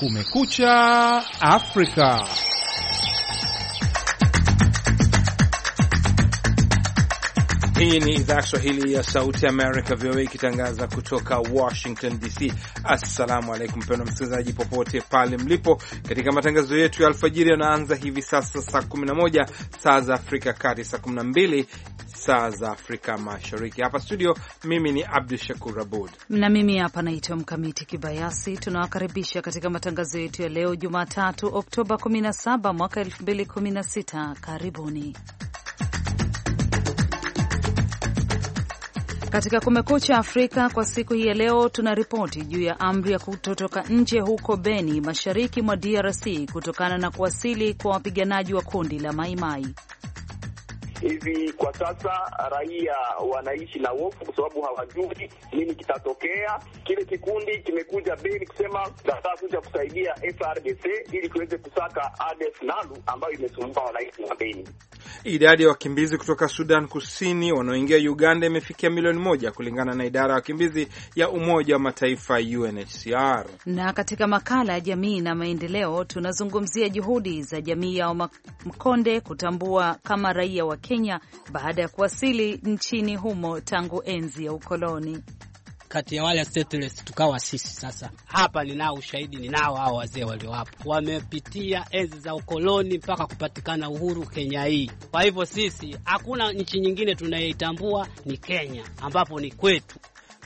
Kumekucha Afrika. Hii ni idhaa ya Kiswahili ya Sauti Amerika, VOA, ikitangaza kutoka Washington DC. Assalamu alaikum pendo msikilizaji, popote pale mlipo, katika matangazo yetu ya alfajiri yanaanza hivi sasa saa 11 saa za Afrika Kati, saa 12 saa za Afrika Mashariki. Hapa studio, mimi ni Abdu Shakur Abud na mimi hapa naitwa Mkamiti Kibayasi. Tunawakaribisha katika matangazo yetu ya leo Jumatatu, Oktoba 17 mwaka 2016. Karibuni Katika Kumekucha Afrika kwa siku hii ya leo, tuna ripoti juu ya amri ya kutotoka nje huko Beni, mashariki mwa DRC, kutokana na kuwasili kwa wapiganaji wa kundi la Maimai hivi kwa sasa raia wanaishi na hofu, kwa sababu hawajui nini kitatokea. Kile kikundi kimekuja Beni kusema nataka kuja kusaidia FRDC ili tuweze kusaka ADF NALU ambayo imesumbua wananchi wa Beni. Idadi ya wakimbizi kutoka Sudan Kusini wanaoingia Uganda imefikia milioni moja kulingana na idara ya wakimbizi ya Umoja wa Mataifa UNHCR. Na katika makala ya jamii na maendeleo tunazungumzia juhudi za jamii ya Wamakonde kutambua kama raia wa Kenya baada ya kuwasili nchini humo tangu enzi ya ukoloni. Kati ya wale settlers tukawa sisi sasa. Hapa ninao ushahidi, ninao hao wazee waliowapo, wamepitia enzi za ukoloni mpaka kupatikana uhuru Kenya hii. Kwa hivyo sisi, hakuna nchi nyingine tunayeitambua ni Kenya, ambapo ni kwetu.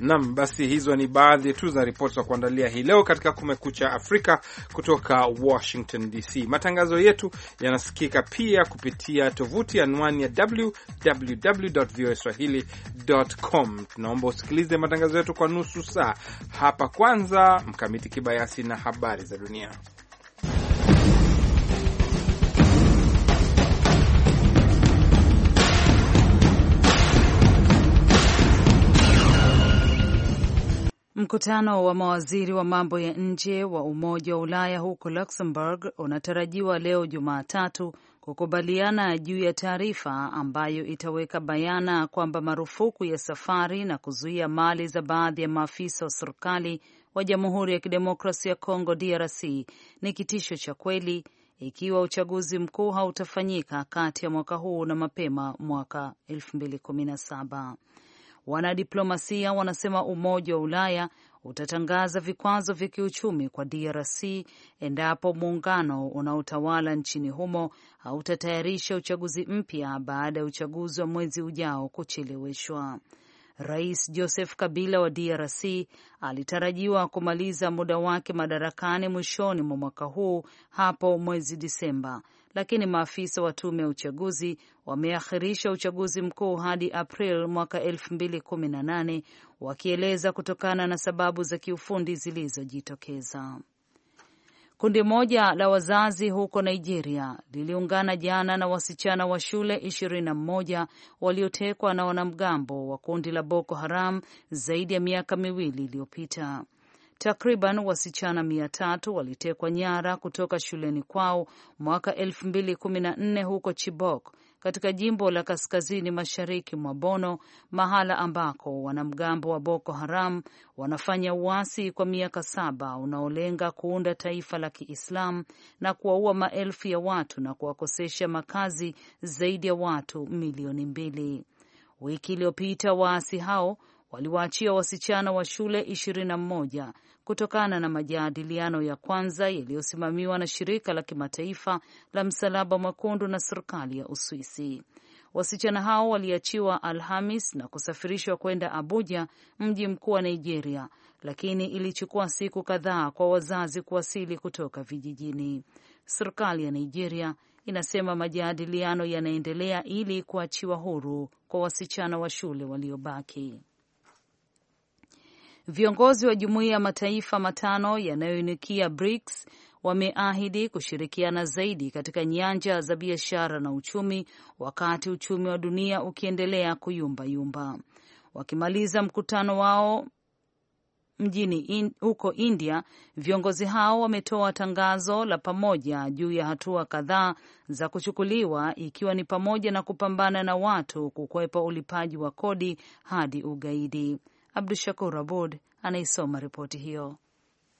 Nam, basi hizo ni baadhi tu za ripoti za kuandalia hii leo katika Kumekucha Afrika kutoka Washington DC. Matangazo yetu yanasikika pia kupitia tovuti anwani ya www voa swahilicom. Tunaomba usikilize matangazo yetu kwa nusu saa hapa. Kwanza Mkamiti Kibayasi na habari za dunia. Mkutano wa mawaziri wa mambo ya nje wa Umoja wa Ulaya huko Luxembourg unatarajiwa leo Jumatatu kukubaliana juu ya taarifa ambayo itaweka bayana kwamba marufuku ya safari na kuzuia mali za baadhi ya maafisa wa serikali wa Jamhuri ya Kidemokrasia ya Kongo DRC ni kitisho cha kweli ikiwa uchaguzi mkuu hautafanyika kati ya mwaka huu na mapema mwaka 2017. Wanadiplomasia wanasema Umoja wa Ulaya utatangaza vikwazo vya kiuchumi kwa DRC endapo muungano unaotawala nchini humo hautatayarisha uchaguzi mpya baada ya uchaguzi wa mwezi ujao kucheleweshwa. Rais Joseph Kabila wa DRC alitarajiwa kumaliza muda wake madarakani mwishoni mwa mwaka huu hapo mwezi Disemba, lakini maafisa wa tume ya uchaguzi wameakhirisha uchaguzi mkuu hadi April mwaka 2018 wakieleza kutokana na sababu za kiufundi zilizojitokeza. Kundi moja la wazazi huko Nigeria liliungana jana na wasichana wa shule 21 waliotekwa na wanamgambo wa kundi la Boko Haram zaidi ya miaka miwili iliyopita. Takriban wasichana mia tatu walitekwa nyara kutoka shuleni kwao mwaka elfu mbili kumi na nne huko Chibok katika jimbo la kaskazini mashariki mwa Bono, mahala ambako wanamgambo wa Boko Haram wanafanya uasi kwa miaka saba unaolenga kuunda taifa la Kiislamu na kuwaua maelfu ya watu na kuwakosesha makazi zaidi ya watu milioni mbili. Wiki iliyopita waasi hao waliwaachia wasichana wa shule mmoja kutokana na majadiliano ya kwanza yaliyosimamiwa na shirika la kimataifa la Msalaba Mwekundu na serikali ya Uswisi. Wasichana hao waliachiwa Alhamis na kusafirishwa kwenda Abuja, mji mkuu wa Nigeria, lakini ilichukua siku kadhaa kwa wazazi kuwasili kutoka vijijini. Serikali ya Nigeria inasema majadiliano yanaendelea ili kuachiwa huru kwa wasichana wa shule waliobaki. Viongozi wa jumuiya ya mataifa matano yanayoinukia BRICS wameahidi kushirikiana zaidi katika nyanja za biashara na uchumi, wakati uchumi wa dunia ukiendelea kuyumba yumba Wakimaliza mkutano wao mjini in, huko India, viongozi hao wametoa tangazo la pamoja juu ya hatua kadhaa za kuchukuliwa ikiwa ni pamoja na kupambana na watu kukwepa ulipaji wa kodi hadi ugaidi. Abdu Shakur Abud anaisoma ripoti hiyo.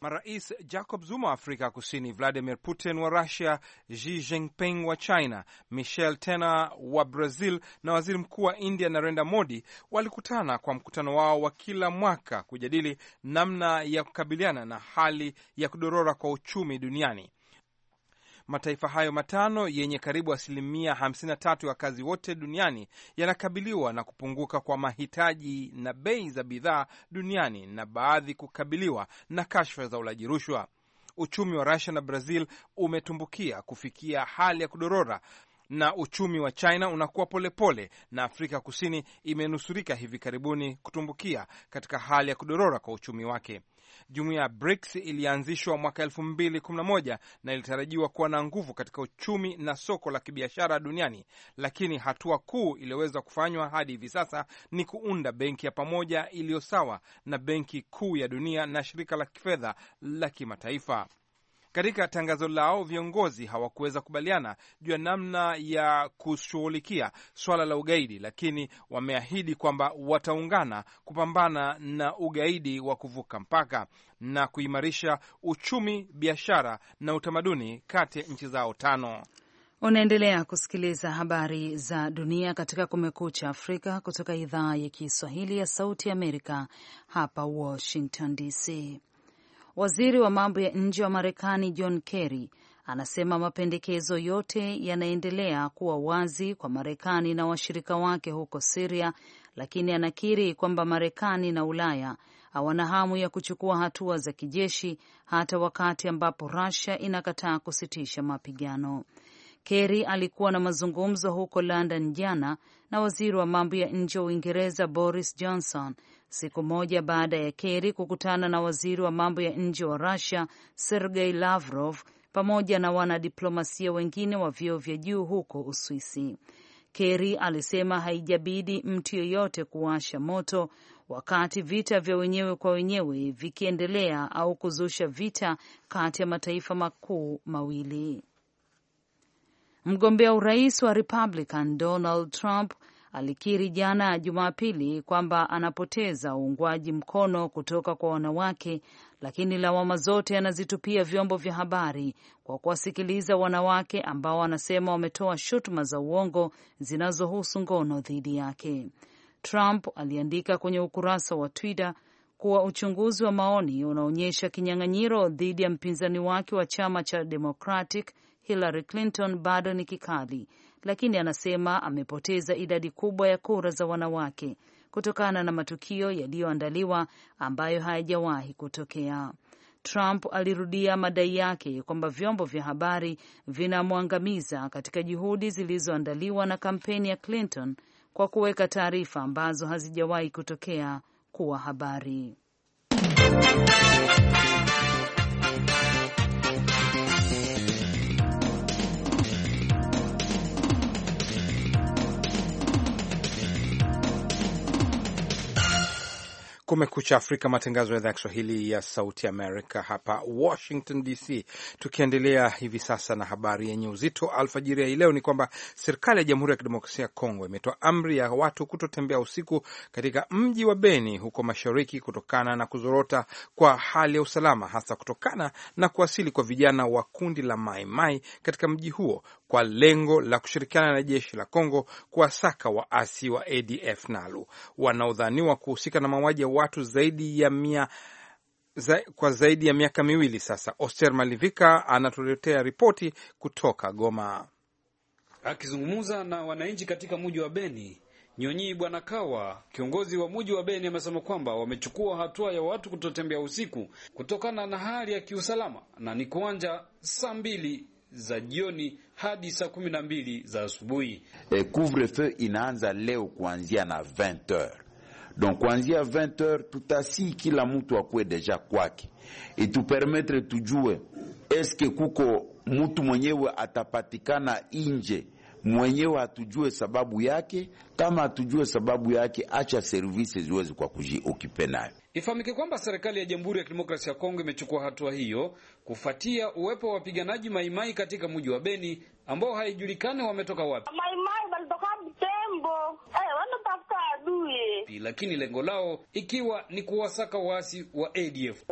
Marais Jacob Zuma wa Afrika Kusini, Vladimir Putin wa Russia, Xi Jinping wa China, Michel Tena wa Brazil na waziri mkuu wa India Narendra Modi walikutana kwa mkutano wao wa kila mwaka kujadili namna ya kukabiliana na hali ya kudorora kwa uchumi duniani. Mataifa hayo matano yenye karibu asilimia 53 ya wakazi wote duniani yanakabiliwa na kupunguka kwa mahitaji na bei za bidhaa duniani na baadhi kukabiliwa na kashfa za ulaji rushwa. Uchumi wa Rusia na Brazil umetumbukia kufikia hali ya kudorora na uchumi wa China unakuwa polepole, na Afrika Kusini imenusurika hivi karibuni kutumbukia katika hali ya kudorora kwa uchumi wake. Jumuiya ya BRICS ilianzishwa mwaka 2011 na ilitarajiwa kuwa na nguvu katika uchumi na soko la kibiashara duniani, lakini hatua kuu iliyoweza kufanywa hadi hivi sasa ni kuunda benki ya pamoja iliyo sawa na Benki Kuu ya Dunia na Shirika la Kifedha la Kimataifa. Katika tangazo lao, viongozi hawakuweza kubaliana juu ya namna ya kushughulikia swala la ugaidi, lakini wameahidi kwamba wataungana kupambana na ugaidi wa kuvuka mpaka na kuimarisha uchumi, biashara na utamaduni kati ya nchi zao tano. Unaendelea kusikiliza habari za dunia katika Kumekucha Afrika kutoka idhaa ya Kiswahili ya Sauti ya Amerika, hapa Washington DC. Waziri wa mambo ya nje wa Marekani John Kerry anasema mapendekezo yote yanaendelea kuwa wazi kwa Marekani na washirika wake huko Siria, lakini anakiri kwamba Marekani na Ulaya hawana hamu ya kuchukua hatua za kijeshi hata wakati ambapo Russia inakataa kusitisha mapigano. Kerry alikuwa na mazungumzo huko London jana na waziri wa mambo ya nje wa Uingereza Boris Johnson siku moja baada ya Kerry kukutana na waziri wa mambo ya nje wa Russia Sergei Lavrov pamoja na wanadiplomasia wengine wa vyeo vya juu huko Uswisi. Kerry alisema haijabidi mtu yeyote kuwasha moto wakati vita vya wenyewe kwa wenyewe vikiendelea au kuzusha vita kati ya mataifa makuu mawili. Mgombea urais wa Republican Donald Trump alikiri jana Jumapili kwamba anapoteza uungwaji mkono kutoka kwa wanawake, lakini lawama zote anazitupia vyombo vya habari kwa kuwasikiliza wanawake ambao anasema wametoa shutuma za uongo zinazohusu ngono dhidi yake. Trump aliandika kwenye ukurasa wa Twitter kuwa uchunguzi wa maoni unaonyesha kinyang'anyiro dhidi ya mpinzani wake wa chama cha Democratic Hillary Clinton bado ni kikali lakini anasema amepoteza idadi kubwa ya kura za wanawake kutokana na matukio yaliyoandaliwa ambayo hayajawahi kutokea. Trump alirudia madai yake kwamba vyombo vya habari vinamwangamiza katika juhudi zilizoandaliwa na kampeni ya Clinton kwa kuweka taarifa ambazo hazijawahi kutokea kuwa habari. Kumekucha Afrika, matangazo ya idhaa ya Kiswahili ya Sauti Amerika hapa Washington DC. Tukiendelea hivi sasa na habari yenye uzito alfajiri ya hii leo, ni kwamba serikali ya Jamhuri ya Kidemokrasia ya Kongo imetoa amri ya watu kutotembea usiku katika mji wa Beni huko mashariki, kutokana na kuzorota kwa hali ya usalama, hasa kutokana na kuwasili kwa vijana wa kundi la Maimai katika mji huo kwa lengo la kushirikiana na jeshi la Kongo kuwasaka waasi wa ADF NALU wanaodhaniwa kuhusika na mauaji ya watu zaidi ya mia za, kwa zaidi ya miaka miwili sasa. Oster Malivika anatuletea ripoti kutoka Goma. Akizungumza na wananchi katika muji wa Beni, Nyonyi Bwana Kawa, kiongozi wa muji wa Beni, amesema kwamba wamechukua hatua ya watu kutotembea usiku kutokana na hali ya kiusalama, na ni kuanja saa mbili za jioni hadi saa kumi na mbili za asubuhi. E, couvre-feu inaanza leo kuanzia na 20h donc kuanzia 20h tutasi kila mtu akuwe deja kwake, itupermetre tujue eske kuko mtu mwenyewe atapatikana inje mwenyewe hatujue sababu yake. Kama hatujue sababu yake, acha servisi ziwezi kwa kujiokipe nayo. Ifahamike kwamba serikali ya Jamhuri ya Kidemokrasia ya Kongo imechukua hatua hiyo kufuatia uwepo wa wapiganaji maimai katika mji wa Beni ambao haijulikani wametoka wapi. Maimai walitoka Butembo, eh, wanatafuta adui, lakini lengo lao ikiwa ni kuwasaka waasi wa ADF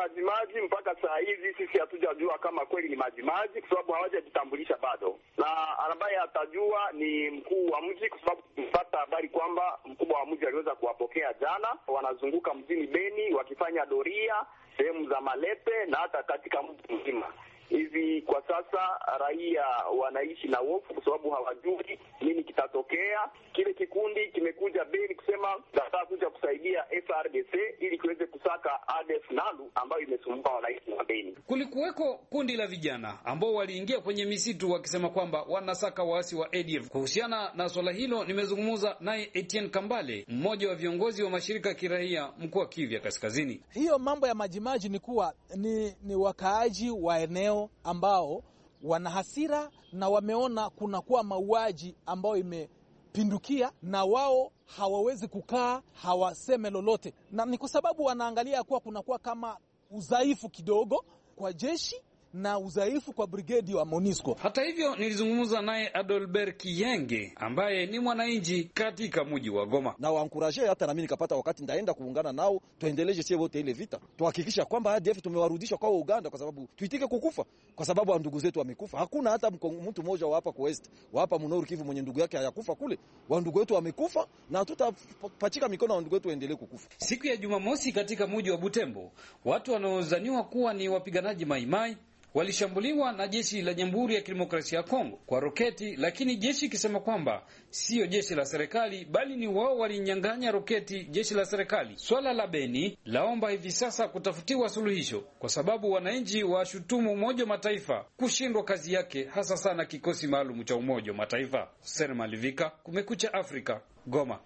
majimaji, mpaka saa hizi sisi hatujajua kama kweli ni majimaji, kwa sababu hawajajitambulisha bado, na ambaye atajua ni mkuu wa mji, kwa sababu tumepata habari kwamba mkubwa wa mji aliweza kuwapokea jana. Wanazunguka mjini Beni wakifanya doria sehemu za Malepe na hata katika mji mzima hivi kwa sasa raia wanaishi na hofu, kwa sababu hawajui nini kitatokea. Kile kikundi kimekuja Beni kusema nataka kuja kusaidia FRDC ili kiweze kusaka ADF NALU ambayo imesumbua wananchi wa Beni. Kulikuweko kundi la vijana ambao waliingia kwenye misitu wakisema kwamba wanasaka waasi wa ADF. Kuhusiana na swala hilo, nimezungumza naye Etienne Kambale, mmoja wa viongozi wa mashirika ya kiraia mkoa wa Kivu Kaskazini. Hiyo mambo ya majimaji ni kuwa ni, ni wakaaji wa eneo hao ambao wana hasira na wameona kunakuwa mauaji ambayo imepindukia, na wao hawawezi kukaa, hawaseme lolote, na ni kwa sababu wanaangalia kuwa kunakuwa kama udhaifu kidogo kwa jeshi na udhaifu kwa brigedi wa Monisco. Hata hivyo, nilizungumza naye Adolbert Kiyenge ambaye ni mwananchi katika mji wa Goma, na wankuraje, hata nami nikapata wakati ndaenda kuungana nao, tuendeleze sie wote ile vita, tuhakikisha kwamba ADF tumewarudisha kwa Uganda, kwa sababu tuitike kukufa, kwa sababu ndugu zetu wamekufa. Hakuna hata mtu mmoja wa hapa kwa wa hapa mnoru Kivu mwenye ndugu yake hayakufa kule, wandugu wetu wamekufa, na hatutapachika mikono wandugu wetu waendelee kukufa. Siku ya Jumamosi katika mji wa Butembo, watu wanaozaniwa kuwa ni wapiganaji maimai walishambuliwa na jeshi la Jamhuri ya Kidemokrasia ya Kongo kwa roketi, lakini jeshi ikisema kwamba siyo jeshi la serikali bali ni wao walinyang'anya roketi jeshi la serikali. Swala la Beni laomba hivi sasa kutafutiwa suluhisho, kwa sababu wananchi washutumu Umoja wa Mataifa kushindwa kazi yake, hasa sana kikosi maalum cha Umoja wa Mataifa. Sera Malivika, Kumekucha Afrika, Goma.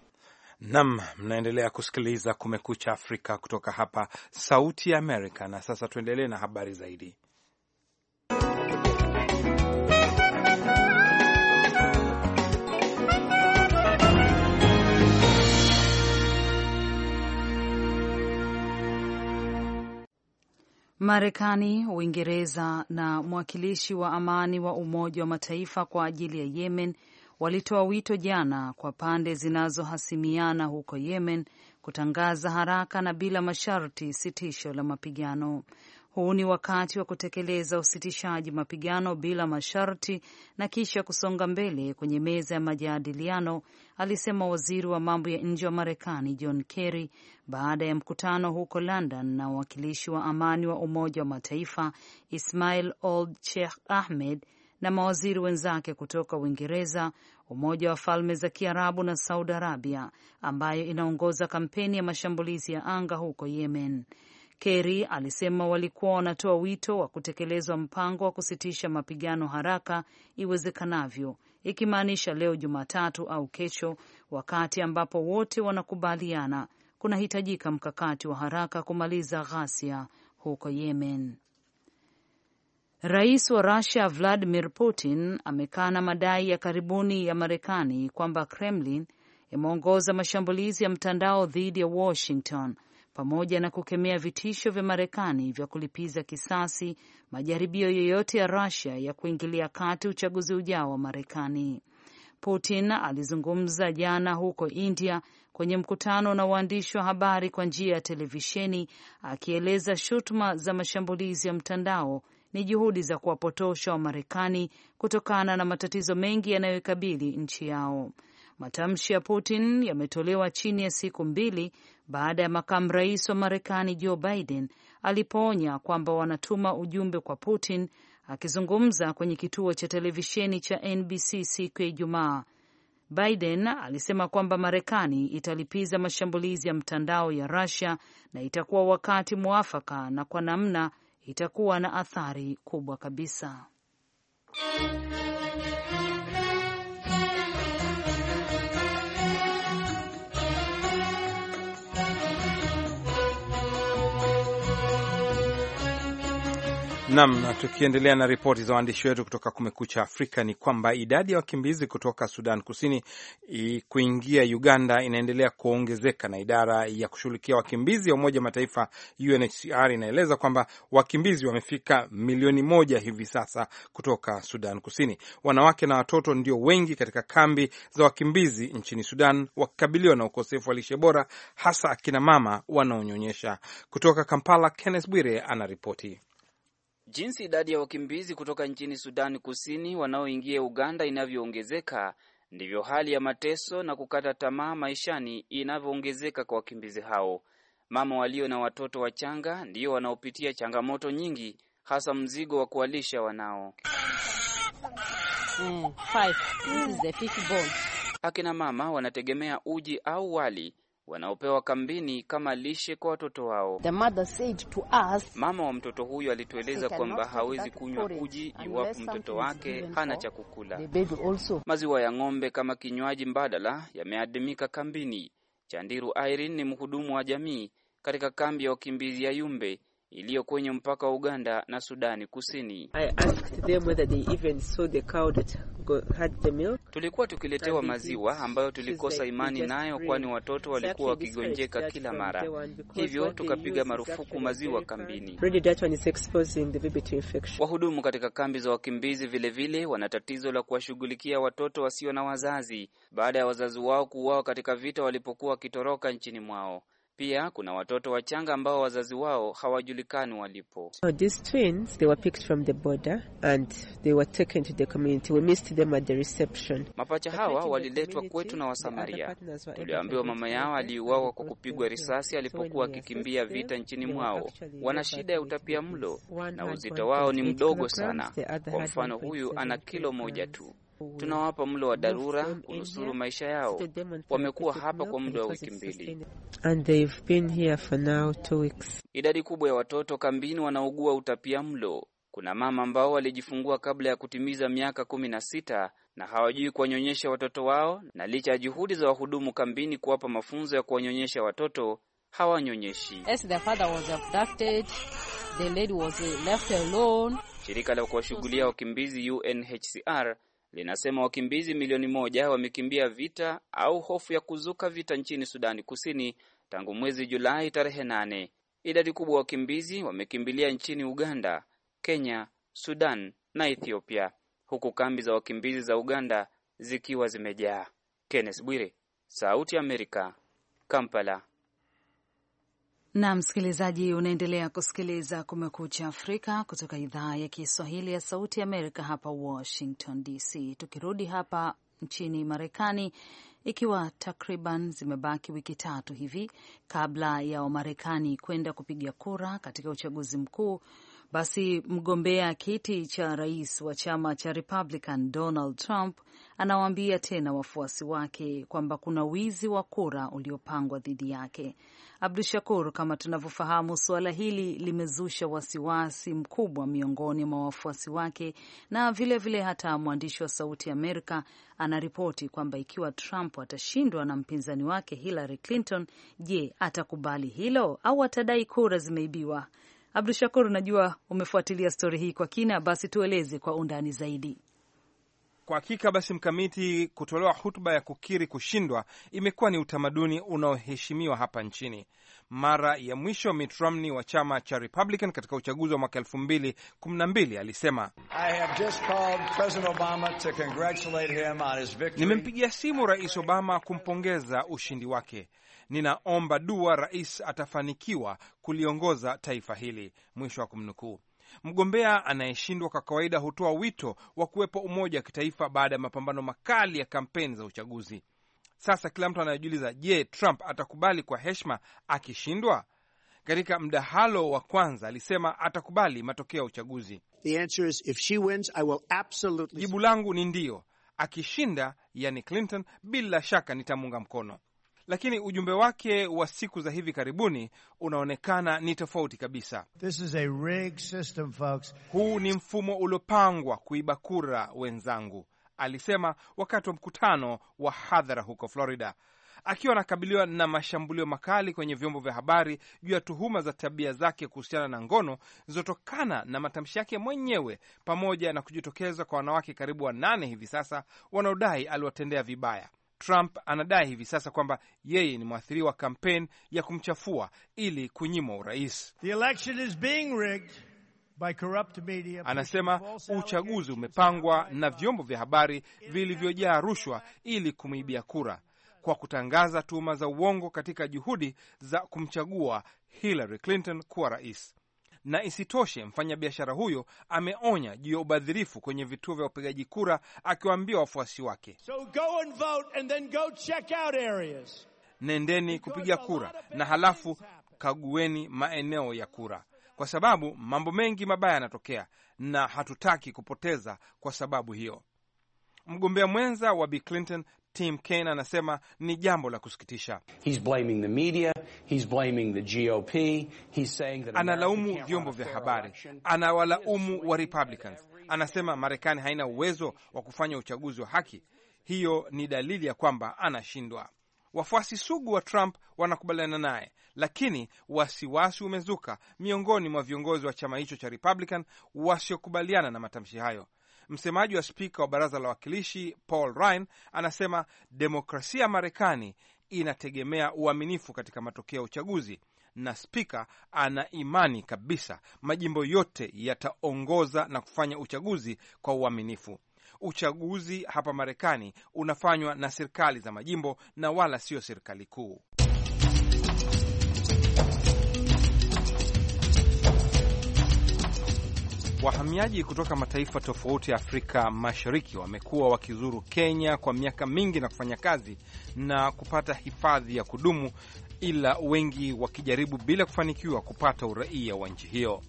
Nam, mnaendelea kusikiliza Kumekucha Afrika kutoka hapa Sauti ya Amerika. Na sasa tuendelee na habari zaidi. Marekani, Uingereza na mwakilishi wa amani wa Umoja wa Mataifa kwa ajili ya Yemen walitoa wito jana kwa pande zinazohasimiana huko Yemen kutangaza haraka na bila masharti sitisho la mapigano. Huu ni wakati wa kutekeleza usitishaji mapigano bila masharti na kisha kusonga mbele kwenye meza ya majadiliano alisema waziri wa mambo ya nje wa Marekani John Kerry baada ya mkutano huko London na wawakilishi wa amani wa Umoja wa Mataifa Ismail Old Sheikh Ahmed na mawaziri wenzake kutoka Uingereza, Umoja wa Falme za Kiarabu na Saudi Arabia, ambayo inaongoza kampeni ya mashambulizi ya anga huko Yemen. Kerry alisema walikuwa wanatoa wito wa kutekelezwa mpango wa kusitisha mapigano haraka iwezekanavyo ikimaanisha leo Jumatatu au kesho, wakati ambapo wote wanakubaliana kunahitajika mkakati wa haraka kumaliza ghasia huko Yemen. Rais wa Rusia Vladimir Putin amekana madai ya karibuni ya Marekani kwamba Kremlin imeongoza mashambulizi ya mtandao dhidi ya Washington pamoja na kukemea vitisho vya Marekani vya kulipiza kisasi majaribio yoyote ya Russia ya kuingilia kati uchaguzi ujao wa Marekani. Putin alizungumza jana huko India kwenye mkutano na waandishi wa habari kwa njia ya televisheni, akieleza shutuma za mashambulizi ya mtandao ni juhudi za kuwapotosha wa marekani kutokana na matatizo mengi yanayoikabili nchi yao. Matamshi ya Putin yametolewa chini ya siku mbili baada ya makamu rais wa Marekani Joe Biden alipoonya kwamba wanatuma ujumbe kwa Putin. Akizungumza kwenye kituo cha televisheni cha NBC siku ya Ijumaa, Biden alisema kwamba Marekani italipiza mashambulizi ya mtandao ya Russia na itakuwa wakati mwafaka na kwa namna itakuwa na athari kubwa kabisa. Nam, tukiendelea na ripoti za waandishi wetu kutoka Kumekucha Afrika ni kwamba idadi ya wakimbizi kutoka Sudan Kusini kuingia Uganda inaendelea kuongezeka, na idara ya kushughulikia wakimbizi ya Umoja Mataifa UNHCR inaeleza kwamba wakimbizi wamefika milioni moja hivi sasa kutoka Sudan Kusini. Wanawake na watoto ndio wengi katika kambi za wakimbizi nchini Sudan, wakikabiliwa na ukosefu wa lishe bora, hasa akina mama wanaonyonyesha. Kutoka Kampala, Kenneth Bwire anaripoti. Jinsi idadi ya wakimbizi kutoka nchini Sudani Kusini wanaoingia Uganda inavyoongezeka ndivyo hali ya mateso na kukata tamaa maishani inavyoongezeka kwa wakimbizi hao. Mama walio na watoto wachanga ndio wanaopitia changamoto nyingi, hasa mzigo wa kuwalisha wanao. Mm, five. This is the akina mama wanategemea uji au wali wanaopewa kambini kama lishe kwa watoto wao. The mother said to us, mama wa mtoto huyo alitueleza kwamba hawezi kunywa uji iwapo mtoto wake hana cha kukula. Maziwa ya ng'ombe kama kinywaji mbadala yameadimika kambini. Chandiru Irene ni mhudumu wa jamii katika kambi ya wakimbizi ya Yumbe iliyo kwenye mpaka wa Uganda na Sudani Kusini. Tulikuwa tukiletewa maziwa ambayo tulikosa imani nayo, kwani watoto walikuwa wakigonjeka kila mara, hivyo tukapiga marufuku maziwa kambini. Wahudumu katika kambi za wakimbizi vilevile wana tatizo la kuwashughulikia watoto wasio na wazazi baada ya wazazi wao kuuawa katika vita walipokuwa wakitoroka nchini mwao. Pia kuna watoto wachanga ambao wazazi wao hawajulikani walipo. Mapacha hawa waliletwa kwetu na Wasamaria. Tuliambiwa mama yao aliuawa kwa kupigwa risasi alipokuwa akikimbia vita nchini mwao. Wana shida ya utapia mlo na uzito wao ni mdogo sana. Kwa mfano, huyu ana kilo moja tu tunawapa mlo wa dharura kunusuru maisha yao. Wamekuwa hapa kwa muda wa wiki mbili. Idadi kubwa ya watoto kambini wanaugua utapia mlo. Kuna mama ambao walijifungua kabla ya kutimiza miaka kumi na sita na hawajui kuwanyonyesha watoto wao, na licha ya juhudi za wahudumu kambini kuwapa mafunzo ya kuwanyonyesha watoto hawanyonyeshi. Shirika la kuwashughulia wakimbizi UNHCR linasema wakimbizi milioni moja wamekimbia vita au hofu ya kuzuka vita nchini Sudani Kusini tangu mwezi Julai tarehe nane. Idadi kubwa wakimbizi wamekimbilia nchini Uganda, Kenya, Sudan na Ethiopia, huku kambi za wakimbizi za Uganda zikiwa zimejaa. Kenneth Bwire, Sauti ya Amerika, Kampala na msikilizaji, unaendelea kusikiliza Kumekucha Afrika kutoka idhaa ya Kiswahili ya Sauti ya Amerika hapa Washington DC. Tukirudi hapa nchini Marekani, ikiwa takriban zimebaki wiki tatu hivi kabla ya Wamarekani kwenda kupiga kura katika uchaguzi mkuu, basi mgombea kiti cha rais wa chama cha Republican Donald Trump anawaambia tena wafuasi wake kwamba kuna wizi wa kura uliopangwa dhidi yake. Abdu Shakur, kama tunavyofahamu, suala hili limezusha wasiwasi mkubwa miongoni mwa wafuasi wake na vilevile vile hata mwandishi wa Sauti Amerika anaripoti kwamba ikiwa Trump atashindwa na mpinzani wake Hillary Clinton, je, atakubali hilo au atadai kura zimeibiwa? Abdu Shakur, najua umefuatilia stori hii kwa kina, basi tueleze kwa undani zaidi. Kwa hakika basi, mkamiti, kutolewa hutuba ya kukiri kushindwa imekuwa ni utamaduni unaoheshimiwa hapa nchini. Mara ya mwisho Mitt Romney wa chama cha Republican katika uchaguzi wa mwaka mbili alisema, nimempigia simu Rais Obama kumpongeza ushindi wake. Ninaomba dua rais atafanikiwa kuliongoza taifa hili, mwisho wa kumnukuu. Mgombea anayeshindwa kwa kawaida hutoa wito wa kuwepo umoja wa kitaifa baada ya mapambano makali ya kampeni za uchaguzi. Sasa kila mtu anajiuliza, je, Trump atakubali kwa heshima akishindwa? Katika mdahalo wa kwanza alisema atakubali matokeo ya uchaguzi. Jibu langu ni ndio akishinda yani Clinton, bila shaka nitamuunga mkono lakini ujumbe wake wa siku za hivi karibuni unaonekana ni tofauti kabisa. This is a rigged system, folks. Huu ni mfumo uliopangwa kuiba kura wenzangu, alisema wakati wa mkutano wa hadhara huko Florida akiwa anakabiliwa na mashambulio makali kwenye vyombo vya habari juu ya tuhuma za tabia zake kuhusiana na ngono zilizotokana na matamshi yake mwenyewe, pamoja na kujitokeza kwa wanawake karibu wanane hivi sasa wanaodai aliwatendea vibaya. Trump anadai hivi sasa kwamba yeye ni mwathiriwa kampen kampeni ya kumchafua ili kunyimwa urais. The election is being rigged. By corrupt media, anasema uchaguzi umepangwa na vyombo vya habari vilivyojaa rushwa ili kumwibia kura kwa kutangaza tuhuma za uongo katika juhudi za kumchagua Hillary Clinton kuwa rais na isitoshe, mfanyabiashara huyo ameonya juu ya ubadhirifu kwenye vituo vya upigaji kura, akiwaambia wafuasi wake, so go and vote and then go check out areas. Nendeni kupiga kura na halafu kagueni maeneo ya kura, kwa sababu mambo mengi mabaya yanatokea na hatutaki kupoteza. Kwa sababu hiyo, mgombea mwenza wa Bi Clinton Tim Kaine anasema ni jambo la kusikitisha. Analaumu vyombo vya habari, anawalaumu wa Republicans. Anasema Marekani haina uwezo wa kufanya uchaguzi wa haki. Hiyo ni dalili ya kwamba anashindwa. Wafuasi sugu wa Trump wanakubaliana naye, lakini wasiwasi umezuka miongoni mwa viongozi wa chama hicho cha Republican wasiokubaliana na matamshi hayo. Msemaji wa spika wa baraza la wawakilishi Paul Ryan anasema demokrasia ya Marekani inategemea uaminifu katika matokeo ya uchaguzi, na spika ana imani kabisa majimbo yote yataongoza na kufanya uchaguzi kwa uaminifu. Uchaguzi hapa Marekani unafanywa na serikali za majimbo na wala sio serikali kuu. Wahamiaji kutoka mataifa tofauti ya Afrika Mashariki wamekuwa wakizuru Kenya kwa miaka mingi na kufanya kazi na kupata hifadhi ya kudumu, ila wengi wakijaribu bila kufanikiwa kupata uraia wa nchi hiyo.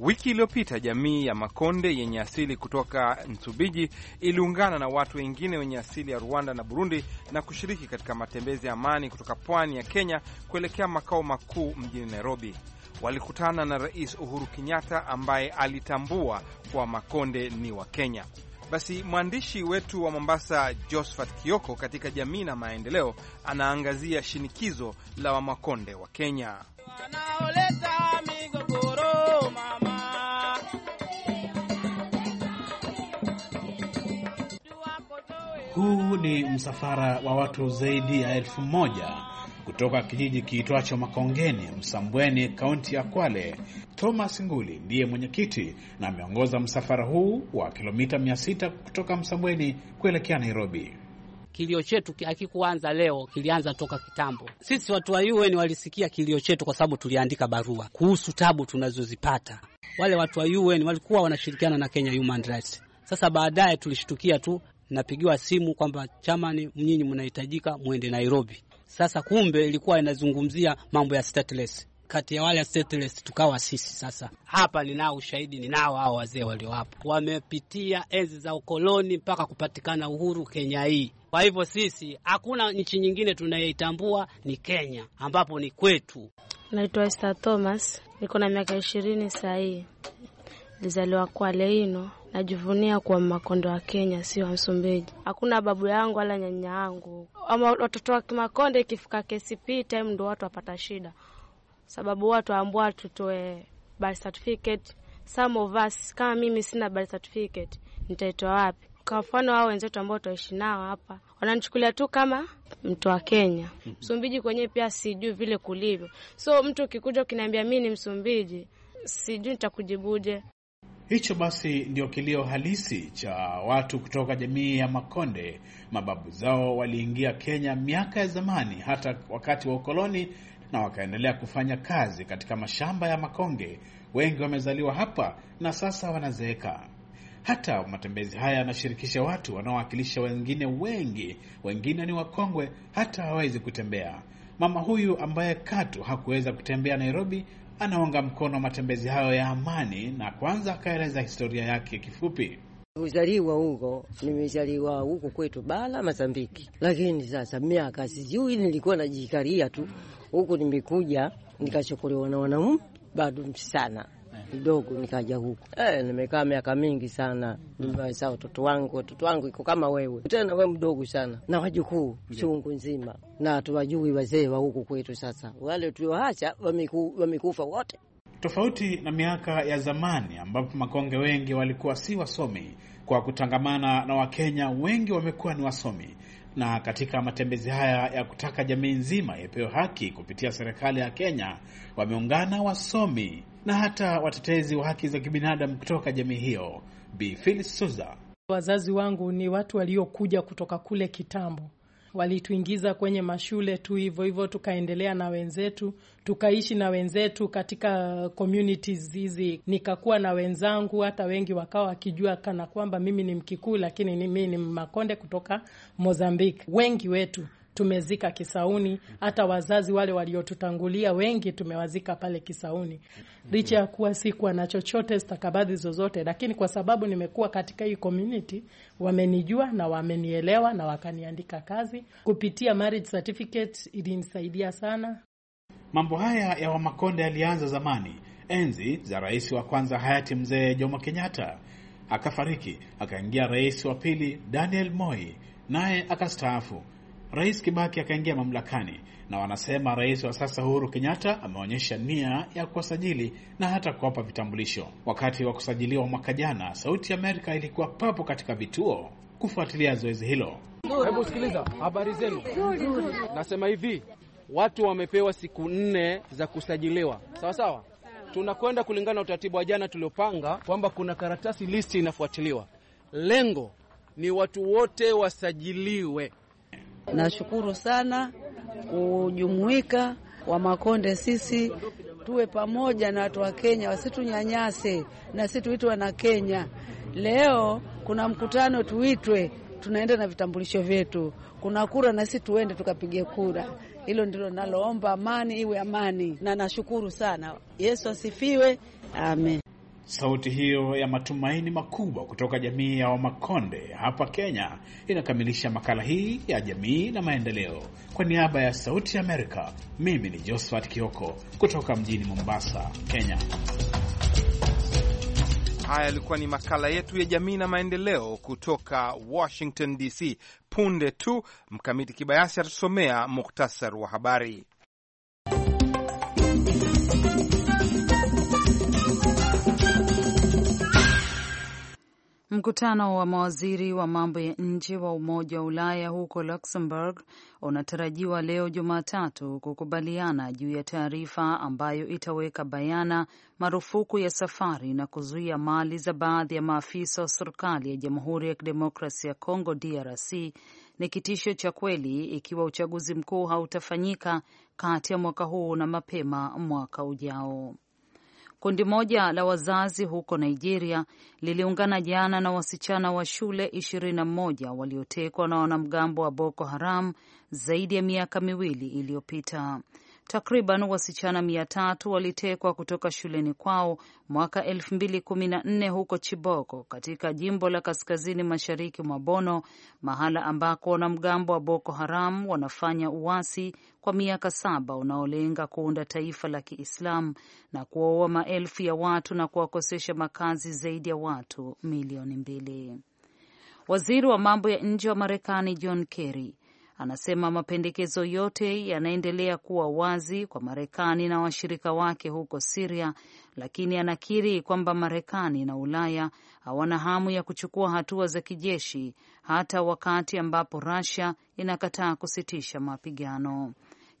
Wiki iliyopita jamii ya Makonde yenye asili kutoka Msumbiji iliungana na watu wengine wenye asili ya Rwanda na Burundi na kushiriki katika matembezi ya amani kutoka pwani ya Kenya kuelekea makao makuu mjini Nairobi walikutana na Rais Uhuru Kenyatta ambaye alitambua kwa Makonde ni wa Kenya. Basi mwandishi wetu wa Mombasa, Josephat Kioko, katika Jamii na Maendeleo, anaangazia shinikizo la Wamakonde wa Kenya. Huu ni msafara wa watu zaidi ya elfu moja kutoka kijiji kiitwacho Makongeni, Msambweni, kaunti ya Kwale. Thomas Nguli ndiye mwenyekiti na ameongoza msafara huu wa kilomita 600 kutoka Msambweni kuelekea Nairobi. Kilio chetu hakikuanza leo, kilianza toka kitambo. Sisi watu wa UN walisikia kilio chetu, kwa sababu tuliandika barua kuhusu tabu tunazozipata. Wale watu wa UN walikuwa wanashirikiana na Kenya Human Rights. Sasa baadaye tulishtukia tu, napigiwa simu kwamba chamani, nyinyi mnahitajika mwende Nairobi. Sasa kumbe ilikuwa inazungumzia mambo ya stateless. Kati ya wale stateless tukawa sisi. Sasa hapa ninao ushahidi, ninao hao wazee hapo, wamepitia enzi za ukoloni mpaka kupatikana uhuru Kenya hii. Kwa hivyo sisi, hakuna nchi nyingine tunayeitambua ni Kenya, ambapo ni kwetu. Naitwa Esther Thomas, niko na miaka ishirini sahii, nilizaliwa kwale Leino najivunia kwa Makondo wa Kenya, si wa Msumbiji. Hakuna babu yangu wala nyanya yangu ama watoto wa Kimakonde. Ikifika KCPE time ndo watu wapata shida, sababu watu ambao tutoe birth certificate. Some of us kama mimi sina birth certificate, nitaitoa wapi? Kwa mfano hao wenzetu ambao tunaishi nao hapa wananichukulia tu kama mtu wa Kenya. Msumbiji kwenyewe pia sijui vile kulivyo, so mtu ukikuja ukiniambia mi ni Msumbiji, sijui nitakujibuje. Hicho basi ndio kilio halisi cha watu kutoka jamii ya Makonde. Mababu zao waliingia Kenya miaka ya zamani, hata wakati wa ukoloni, na wakaendelea kufanya kazi katika mashamba ya makonge. Wengi wamezaliwa hapa na sasa wanazeeka. Hata matembezi haya yanashirikisha watu wanaowakilisha wengine wengi, wengine ni wakongwe, hata hawawezi kutembea. Mama huyu ambaye katu hakuweza kutembea Nairobi anaunga mkono matembezi hayo ya amani, na kwanza akaeleza historia yake kifupi. Uzaliwa huko, nimezaliwa huko kwetu Bala Mazambiki, lakini sasa miaka sijui, nilikuwa najikaria tu huku, nimekuja nikachokolewa na wanaume bado sana kidogo nikaja huku eh, nimekaa miaka mingi sana nimewazaa watoto wangu. Watoto wangu iko kama wewe tena, we mdogo sana na wajukuu chungu nzima, na tuwajui wazee wa huku kwetu. Sasa wale tulioacha wamekufa wote. Tofauti na miaka ya zamani ambapo makonge wengi walikuwa si wasomi, kwa kutangamana na Wakenya wengi wamekuwa ni wasomi na katika matembezi haya ya kutaka jamii nzima ipewe haki kupitia serikali ya Kenya, wameungana wasomi na hata watetezi wa haki za kibinadamu kutoka jamii hiyo. Bi Phil wazazi wangu ni watu waliokuja kutoka kule kitambo walituingiza kwenye mashule tu hivyo hivyo, tukaendelea na wenzetu, tukaishi na wenzetu katika communities hizi, nikakuwa na wenzangu, hata wengi wakawa wakijua kana kwamba mimi ni mkikuu lakini mimi ni Makonde kutoka Mozambique, wengi wetu tumezika Kisauni. Hata wazazi wale waliotutangulia wengi tumewazika pale Kisauni, licha ya kuwa sikuwa na chochote stakabadhi zozote, lakini kwa sababu nimekuwa katika hii community wamenijua na wamenielewa na wakaniandika kazi. Kupitia marriage certificate ilinisaidia sana. Mambo haya ya Wamakonde yalianza zamani, enzi za rais wa kwanza hayati mzee Jomo Kenyatta. Akafariki, akaingia rais wa pili Daniel Moi, naye akastaafu. Rais Kibaki akaingia mamlakani, na wanasema rais wa sasa Uhuru Kenyatta ameonyesha nia ya kuwasajili na hata kuwapa vitambulisho. Wakati wa kusajiliwa mwaka jana, Sauti ya Amerika ilikuwa papo katika vituo kufuatilia zoezi hilo. Hebu sikiliza habari zenu. Nasema hivi, watu wamepewa siku nne za kusajiliwa, sawa sawa. Tunakwenda kulingana na utaratibu wa jana tuliopanga, kwamba kuna karatasi listi inafuatiliwa. Lengo ni watu wote wasajiliwe. Nashukuru sana kujumuika wa Makonde, sisi tuwe pamoja na watu wa Kenya, wasitunyanyase na si tuitwe wana Kenya. Leo kuna mkutano, tuitwe tunaenda na vitambulisho vyetu. Kuna kura na si tuende tukapige kura. Hilo ndilo naloomba, amani iwe amani, na nashukuru sana. Yesu asifiwe, amen. Sauti hiyo ya matumaini makubwa kutoka jamii ya Wamakonde hapa Kenya inakamilisha makala hii ya jamii na maendeleo. Kwa niaba ya Sauti ya Amerika, mimi ni Josephat Kioko kutoka mjini Mombasa, Kenya. Haya yalikuwa ni makala yetu ya jamii na maendeleo kutoka Washington DC. Punde tu Mkamiti Kibayasi atatusomea muhtasari wa habari. Mkutano wa mawaziri wa mambo ya nje wa Umoja wa Ulaya huko Luxembourg unatarajiwa leo Jumatatu kukubaliana juu ya taarifa ambayo itaweka bayana marufuku ya safari na kuzuia mali za baadhi ya maafisa wa serikali ya Jamhuri ya Kidemokrasia ya Kongo DRC ni kitisho cha kweli ikiwa uchaguzi mkuu hautafanyika kati ya mwaka huu na mapema mwaka ujao. Kundi moja la wazazi huko Nigeria liliungana jana na wasichana wa shule 21 waliotekwa na wanamgambo wa Boko Haram zaidi ya miaka miwili iliyopita. Takriban wasichana mia tatu walitekwa kutoka shuleni kwao mwaka elfu mbili kumi na nne huko Chiboko katika jimbo la kaskazini mashariki mwa Bono, mahala ambako wanamgambo wa Boko Haram wanafanya uasi kwa miaka saba unaolenga kuunda taifa la Kiislamu na kuwaua maelfu ya watu na kuwakosesha makazi zaidi ya watu milioni mbili. Waziri wa mambo ya nje wa Marekani John Kerry anasema mapendekezo yote yanaendelea kuwa wazi kwa Marekani na washirika wake huko Siria, lakini anakiri kwamba Marekani na Ulaya hawana hamu ya kuchukua hatua za kijeshi hata wakati ambapo Russia inakataa kusitisha mapigano.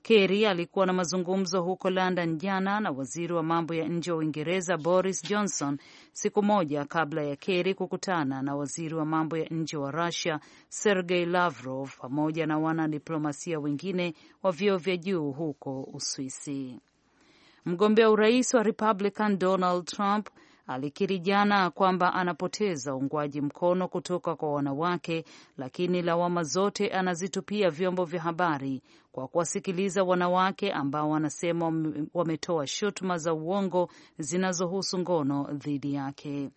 Kerry alikuwa na mazungumzo huko London jana na waziri wa mambo ya nje wa Uingereza Boris Johnson, siku moja kabla ya Kerry kukutana na waziri wa mambo ya nje wa Russia Sergei Lavrov pamoja na wanadiplomasia wengine wa vyeo vya juu huko Uswisi. Mgombea urais wa Republican Donald Trump alikiri jana kwamba anapoteza uungwaji mkono kutoka kwa wanawake, lakini lawama zote anazitupia vyombo vya habari kwa kuwasikiliza wanawake ambao wanasema wametoa shutuma za uongo zinazohusu ngono dhidi yake.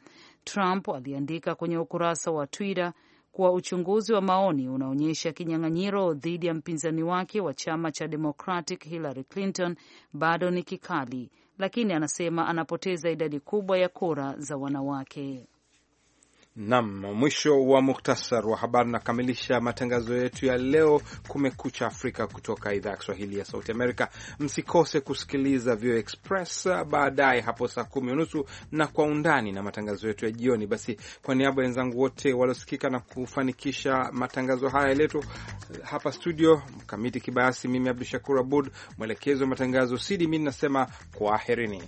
Trump aliandika kwenye ukurasa wa Twitter kuwa uchunguzi wa maoni unaonyesha kinyang'anyiro dhidi ya mpinzani wake wa chama cha Democratic Hillary Clinton bado ni kikali lakini anasema anapoteza idadi kubwa ya kura za wanawake. Nam, mwisho wa muktasar wa habari. Nakamilisha matangazo yetu ya leo, Kumekucha Afrika, kutoka idhaa ya Kiswahili ya Sauti Amerika. Msikose kusikiliza VOA Express baadaye hapo saa kumi unusu na Kwa Undani na matangazo yetu ya jioni. Basi, kwa niaba ya wenzangu wote waliosikika na kufanikisha matangazo haya yaletu hapa studio, Mkamiti Kibayasi, mimi Abdu Shakur Abud, mwelekezi wa matangazo cd mi nasema kwaherini.